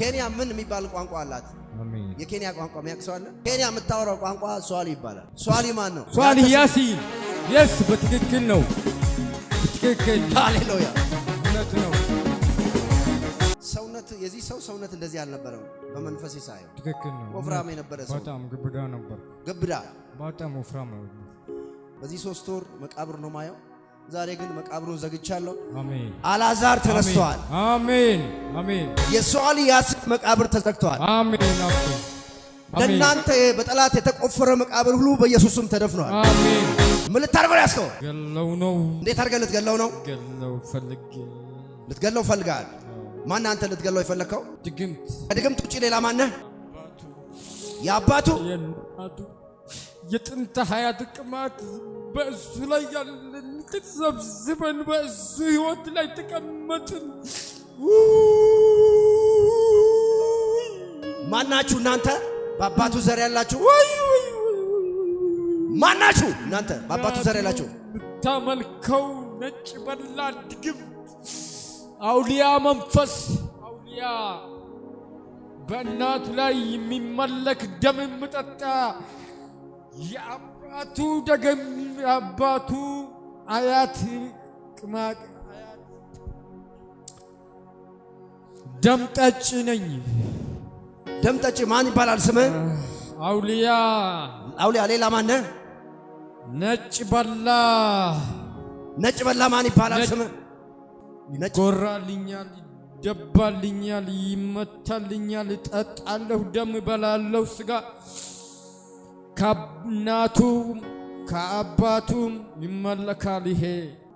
ኬንያ ምን የሚባል ቋንቋ አላት? የኬንያ ቋንቋ ሚያቅሰዋለ ኬንያ የምታወራው ቋንቋ ሷሊ ይባላል። ሷሊ ማን ነው? ሷሊ ያሲ የስ በትክክል ነው። ትክክል ሃሌሉያ። እውነት ነው። ሰውነት የዚህ ሰው ሰውነት እንደዚህ አልነበረም። በመንፈስ ሳየው ትክክል ነው። ወፍራም የነበረ ሰው በጣም ግብዳ ነበር። ግብዳ በጣም ወፍራም ነው። በዚህ ሶስት ወር መቃብር ነው ማየው ዛሬ ግን መቃብሩን ዘግቻለሁ። አሜን። አልዓዛር ተነስተዋል። አሜን፣ አሜን። የሰዋል ያሲን መቃብር ተዘግተዋል። አሜን፣ አሜን። ለእናንተ በጠላት የተቆፈረ መቃብር ሁሉ በኢየሱስም ተደፍኗል። አሜን። ምን ልታርገው ያስከው? ገለው ነው። እንዴት አድርገህ ልትገለው ነው? ገለው ፈልግ ልትገለው ፈልጋል። ማን አንተ ልትገለው የፈለግከው? ድግምት። ከድግምት ውጪ ሌላ ማን ማነህ? የአባቱ የጥንተ ሀያት ቅማት በእሱ ላይ ያለን ትጥቅ ዘብዝበን በእሱ ህይወት ላይ ተቀመጥን። ማናችሁ እናንተ በአባቱ ዘር ያላችሁ? ማናችሁ እናንተ በአባቱ ዘር ያላችሁ? ብታመልከው ነጭ በላ ድግም አውሊያ መንፈስ አውሊያ በእናቱ ላይ የሚመለክ ደም የምጠጣ የአባቱ ደገም አባቱ አያት ደም ጠጪ ነኝ። ደምጠጭ ማን ይባላል? ስም አውልያ አውልያ። ሌላ ማን? ነጭ በላ ነጭ በላ ማን ይባላል? ስም ይጎራልኛል፣ ይደባልኛል፣ ይመታልኛል፣ እጠጣለሁ፣ ደም እበላለሁ፣ ስጋ ከናቱ ከአባቱም ይመለካል። ይሄ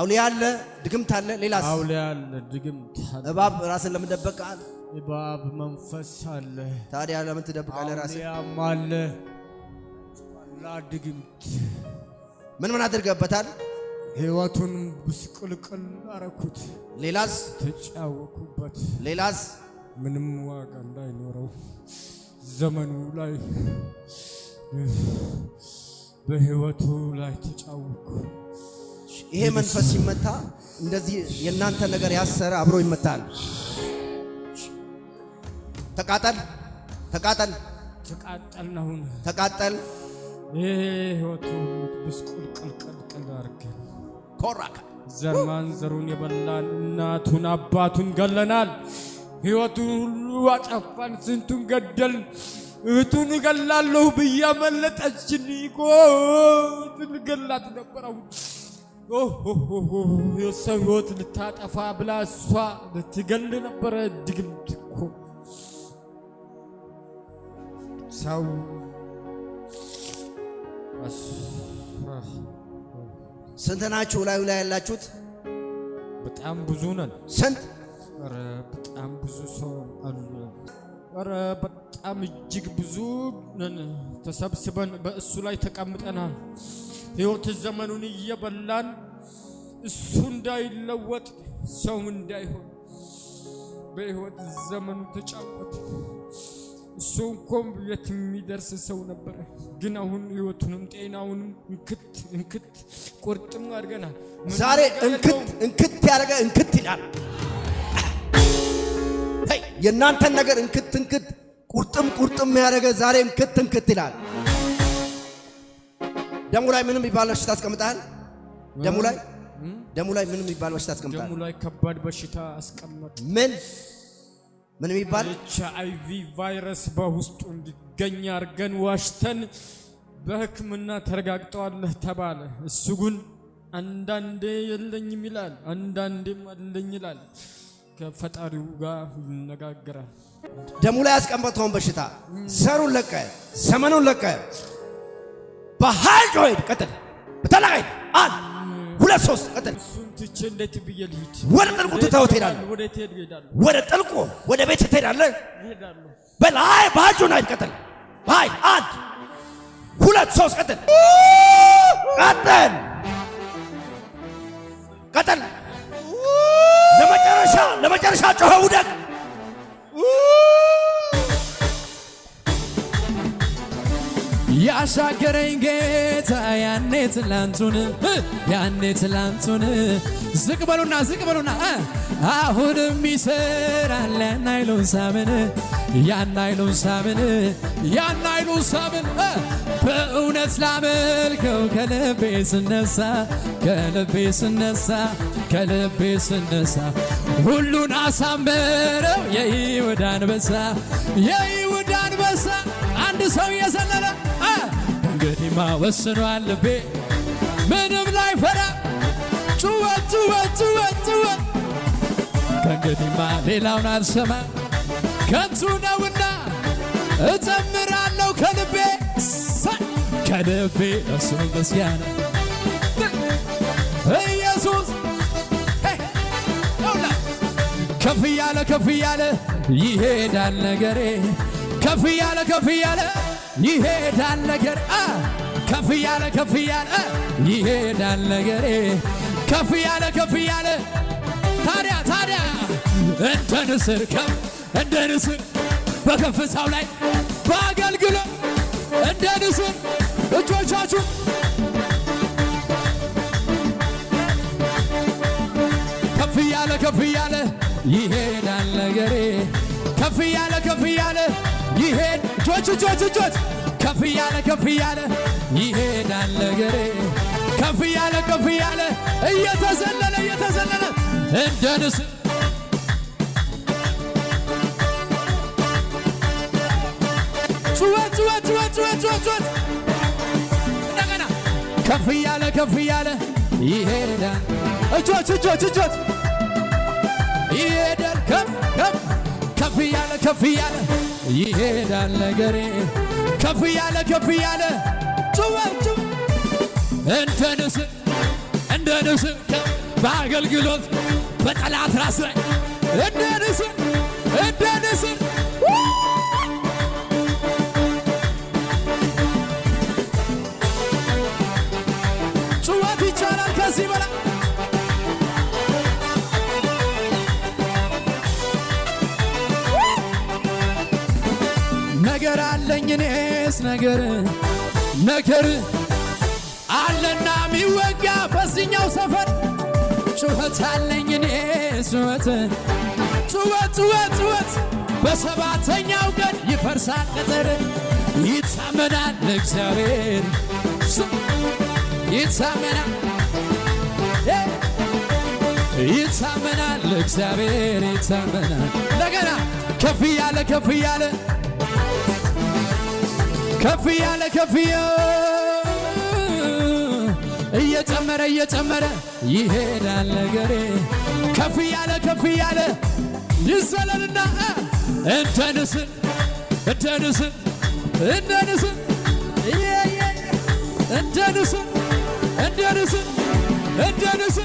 አውሊያ አለ፣ ድግምት አለ፣ ሌላስ? አውሊያ አለ፣ ድግምት አለ። እባብ ራስን ለምን ደበቃል? እባብ መንፈስ አለ። ታዲያ ለምን ትደብቃለህ ራስህ? አውሊያም አለ፣ ድግምት። ምን ምን አድርገበታል? ህይወቱን ብስቅልቅል አረኩት። ሌላስ? ተጫወኩበት። ሌላስ? ምንም ዋጋ እንዳይኖረው ዘመኑ ላይ በህይወቱ ላይ ተጫወኩ። ይሄ መንፈስ ሲመታ እንደዚህ የእናንተ ነገር ያሰረ አብሮ ይመታል። ተቃጠል ተቃጠል ተቃጠል ነው ተቃጠል። ይሄ ህይወቱ ብስቁልቅልቅልቅል አርገ ኮራካ ዘርማን ዘሩን የበላን እናቱን አባቱን ገለናል። ህይወቱን ሁሉ አጠፋን፣ ስንቱን ገደልን። እህቱን እገላለሁ ብያ መለጠችን እኮ እህቱን ገላት ነበር። የሰው ህይወት ልታጠፋ ብላ እሷ ልትገል ነበረ። ድግምት እኮ ሰው ስንት ናችሁ? ላዩ ላይ ያላችሁት በጣም ብዙ ነን። ስንት? ኧረ በጣም ብዙ ሰው አሉ። በጣም እጅግ ብዙ ተሰብስበን በእሱ ላይ ተቀምጠናል። ሕይወት ዘመኑን እየበላን እሱ እንዳይለወጥ ሰው እንዳይሆን በሕይወት ዘመኑ ተጫወት። እሱ እንኳን የት የሚደርስ ሰው ነበረ፣ ግን አሁን ሕይወቱንም ጤናውንም እንክት እንክት ቁርጥም አድርገናል። ዛሬ እንክት እንክት ያደረገ እንክት ይላል። የእናንተን ነገር እንክት እንክት ቁርጥም ቁርጥም ያደረገ ዛሬም ክትም ክት ይላል። ደሙ ላይ ምንም የሚባል በሽታ አስቀምጣል። ደሙ ላይ ደሙ ላይ ምንም የሚባል በሽታ አስቀምጣል። ደሙ ላይ ከባድ በሽታ አስቀምጥ ምን ምን የሚባል ኤች አይ ቪ ቫይረስ በውስጡ እንዲገኝ አድርገን ዋሽተን በሕክምና ተረጋግጠዋል ተባለ። እሱ ግን አንዳንዴ የለኝም ይላል፣ አንዳንዴም አለኝ ይላል። ከፈጣሪው ጋር ይነጋገራል። ደሙ ላይ ያስቀመጠውን በሽታ ዘሩን ለቀ፣ ዘመኑን ለቀ። በኃይል ጆይድ ቀጥል፣ በተላይ አንድ ሁለት ሶስት ቀጥል። ትቼ እንዴት ብዬ ልሂድ? ወደ ጥልቁ ትተኸው ትሄዳለህ። ወደ ጥልቁ ወደ ቤት ትሄዳለህ። በላይ በኃይል ጆይድ ቀጥል፣ በኃይል አንድ ሁለት ሶስት ቀጥል፣ ቀጥል፣ ቀጥል ለመጨረሻ ጮኸ ውደቅ። ያሻገረኝ ጌታ ያኔ ትላንቱን ያኔ ትላንቱን ዝቅ በሉና ዝቅ በሉና አሁንም ይሰራል። ያን ኃይሉን ሳምን፣ ያን ኃይሉን ሳምን፣ ያን ኃይሉን ሳምን። በእውነት ላመልከው ከልቤ ስነሳ፣ ከልቤ ስነሳ፣ ከልቤ ስነሳ ሁሉን አሳምረው የይሁዳ አንበሳ፣ የይሁዳ አንበሳ። አንድ ሰው እየዘለለ እንግዲህማ ወስኗል ልቤ ምንም ላይ ፈራ ጩኸት ጩኸት እንግዲህማ ሌላውን አልሰማ ከንቱ ነውና እዘምራለሁ ከልቤ ከልቤ እሱ ምስጋና ኢየሱስ ከፍ እያለ ከፍ እያለ ይሄዳል ነገሬ ከፍ እያለ ከፍ እያለ ይሄዳል ነገር ከፍ እያለ ከፍ እያለ ይሄዳል ነገሬ ከፍ እያለ ከፍ እያለ ታዲያ ታዲያ እንደ ንስር ከፍ እንደ ንስር በከፍታው ላይ በአገልግሎት እንደ ንስር እጆቻችሁ ከፍ እያለ ከፍ እያለ ይሄዳል ነገሬ ከፍ እያለ ከፍ እያለ ይሄድ እጆች እጆች እጆች ከፍ እያለ ከፍ እያለ ይሄዳል ነገሬ ከፍ እያለ ከፍ እያለ እየተዘለለ እየተዘለለ እንደ ንስ ጩኸት ከፍ እያለ ከፍ እያለ ይሄዳል። እጆች እጆች እጆች ይሄዳል። ከፍ ከፍ ከፍ እያለ ከፍ እያለ ይሄዳል ነገሬ ከፍ እያለ ከፍ እያለ ጩኸት እንደ ንስ እንደ ንስ በአገልግሎት በጠላት ራስ ላይ እንደ ንስር እንደ ይቻላል ከዚህ በላይ ነገር አለኝ እኔስ ነገር ነገር አለና የሚወጋ በዚህኛው ሰፈር ጩኸት አለኝ እኔ ጩኸት ጩኸት ጩኸት ጩኸት በሰባተኛው ቀን ይፈርሳል ቅጥር ይታመናል ይታመናል ይታመናል ይታመናል እንደገና ከፍ ከፍ ከፍ ከፍ እየጨመረ እየጨመረ ይሄዳል ነገሬ ከፍ ያለ ከፍ ያለ ይሰለልና እንደንስ እንደንስ እንደንስ እንደንስ እንደንስ እንደንስ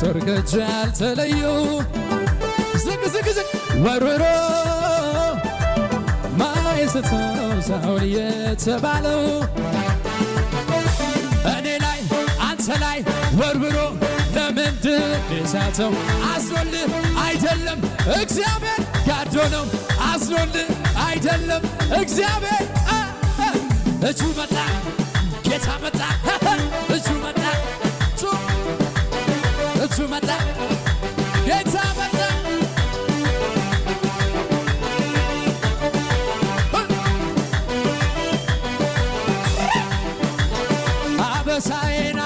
ዶክተር ገጀ ያልተለዩ ዝቅ ዝቅ ዝቅ ወርሮ ማይስተው ሳውል የተባለው እኔ ላይ አንተ ላይ ወርብሮ ለምንድን የሳተው አዝኖልህ አይደለም እግዚአብሔር ጋዶ ነው አዝኖልህ አይደለም እግዚአብሔር እጁ መጣ ጌታ መጣ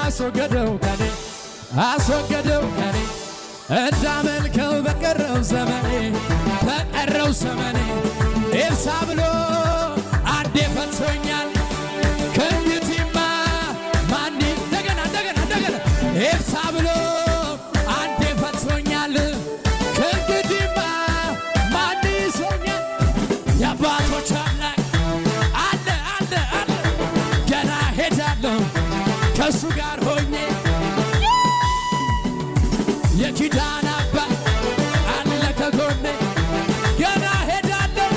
አስወገደው ከኔ አስወገደው ከኔ እንዳመልከው በቀረው ዘመኔ በቀረው ዘመኔ ኤልሳ ብሎ አንዴ ፈቶኛ ከእሱ ጋር ሆኜ የኪዳን አባት አለ ከጎኔ ገና ሄዳለሁ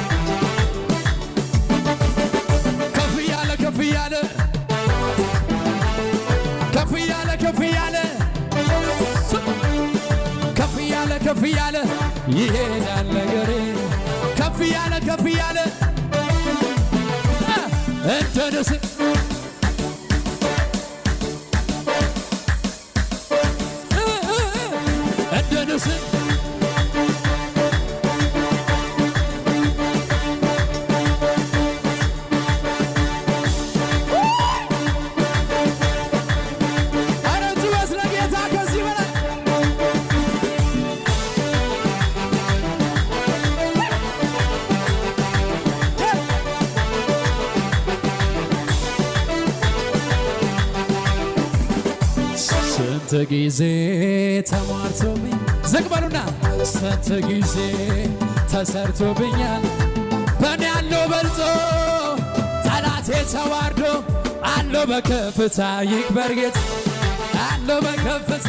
ከፍ እያለ ከፍ እያለ ከፍ እያለ ከፍ እያለ ከፍ እያለ ከፍ እያለ ይሄዳል ነገሬ ከፍ እያለ ከፍ እያለ እንደ ንስር does ስንት ጊዜ ተሟርቶብኝ ዘግበሉና ስንት ጊዜ ተሰርቶብኛል በእኔ ያለው በልጦ ጠላቴ ተዋርዶ አለው በከፍታ ይክበር ጌታ በከፍታ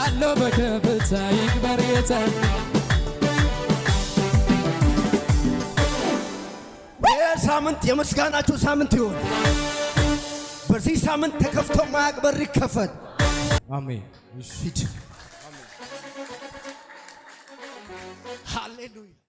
አለው በከፍታ ይክበር ሳምንት የምስጋናችሁ ሳምንት ይሁን። በዚህ ሳምንት ተከፍቶ ማያቅ በር ይከፈት። አሜን። ሃሌሉያ